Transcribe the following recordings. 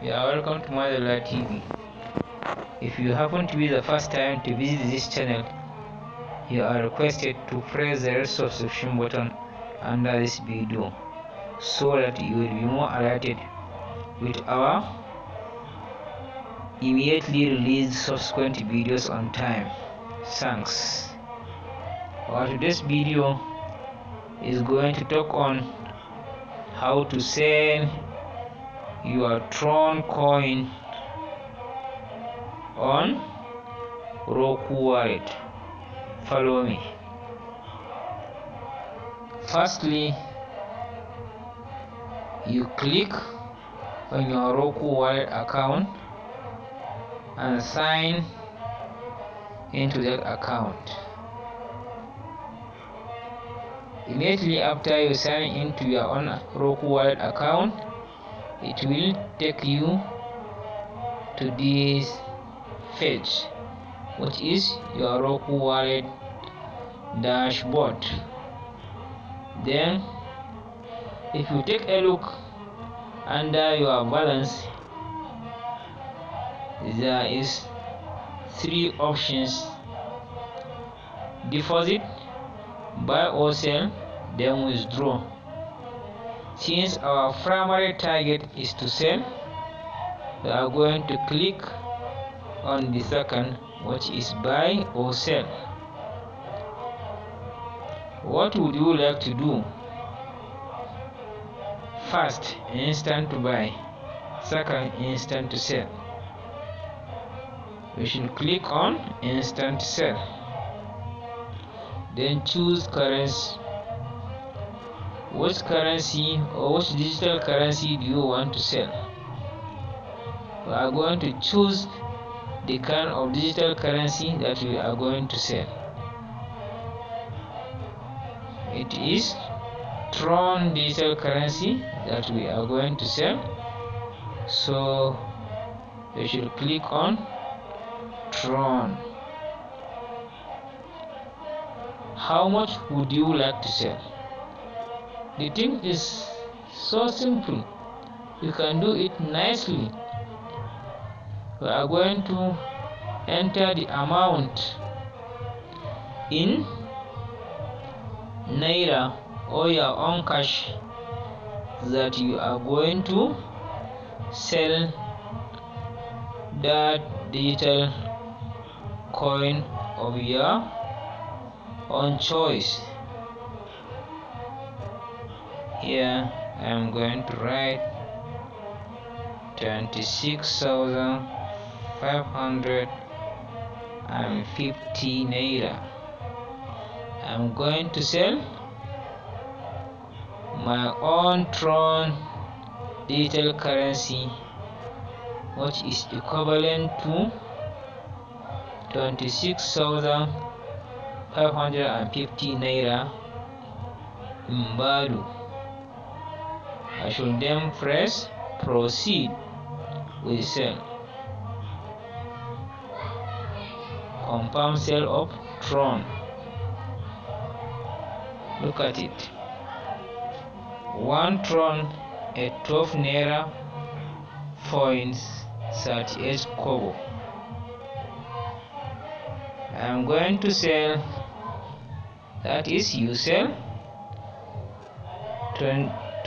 you are welcome to Madala TV. If you happen to be the first time to visit this channel, you are requested to press the red subscription button under this video so that you will be more alerted with our immediately released subsequent videos on time. Thanks. Our today's video is going to talk on how to send your tron coin on Roku wallet follow me firstly you click on your Roku wallet account and sign into that account immediately after you sign into your own Roku wallet account it will take you to this page which is your Roku wallet dashboard then if you take a look under your balance there is three options deposit buy or sell then withdraw since our primary target is to sell we are going to click on the second which is buy or sell what would you like to do first instant to buy second instant to sell we should click on instant sell then choose currency what currency or what digital currency do you want to sell? We are going to choose the kind of digital currency that we are going to sell. It is Tron digital currency that we are going to sell. So you should click on Tron. How much would you like to sell? The thing is so simple. You can do it nicely. We are going to enter the amount in naira or your own cash that you are going to sell that digital coin of your own choice here I'm going to write 26,550 naira I'm going to sell my own Tron digital currency which is equivalent to 26,550 naira in value I should then first proceed with cell. Confirm cell of tron. Look at it. One tron at 12 naira points 38 kobo. I'm going to sell that is you sell 20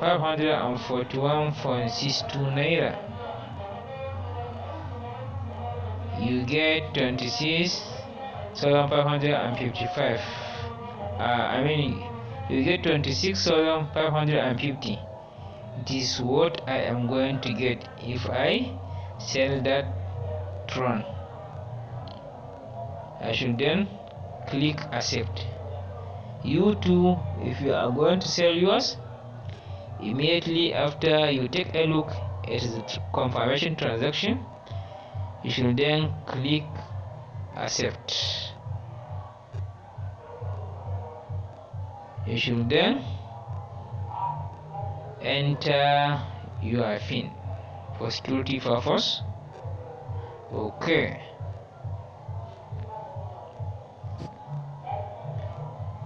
541.62 naira you get 26,555 uh, I mean you get 26,550 this is what I am going to get if I sell that tron I should then click accept you too if you are going to sell yours immediately after you take a look at the confirmation transaction you should then click accept you should then enter your fin for security purpose okay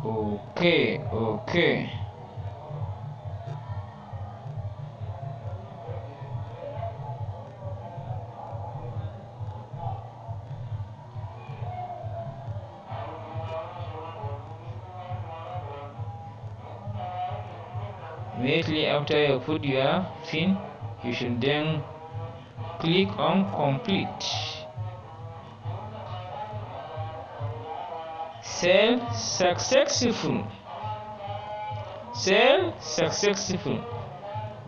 okay okay Immediately after you put your pin, you should then click on complete. Sell successful. Sell successful.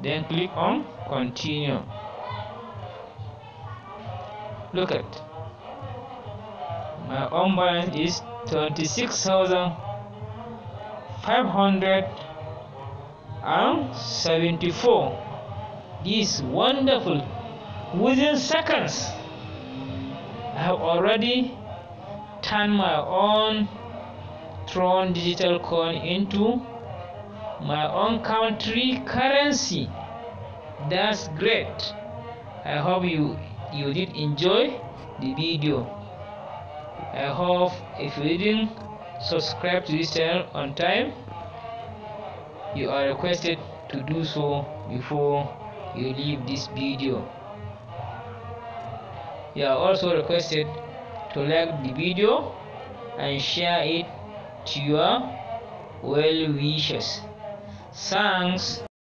Then click on continue. Look at my own balance is 26,500 74. This wonderful. Within seconds, I have already turned my own Tron digital coin into my own country currency. That's great. I hope you you did enjoy the video. I hope if you didn't subscribe to this channel on time you are requested to do so before you leave this video you are also requested to like the video and share it to your well wishers thanks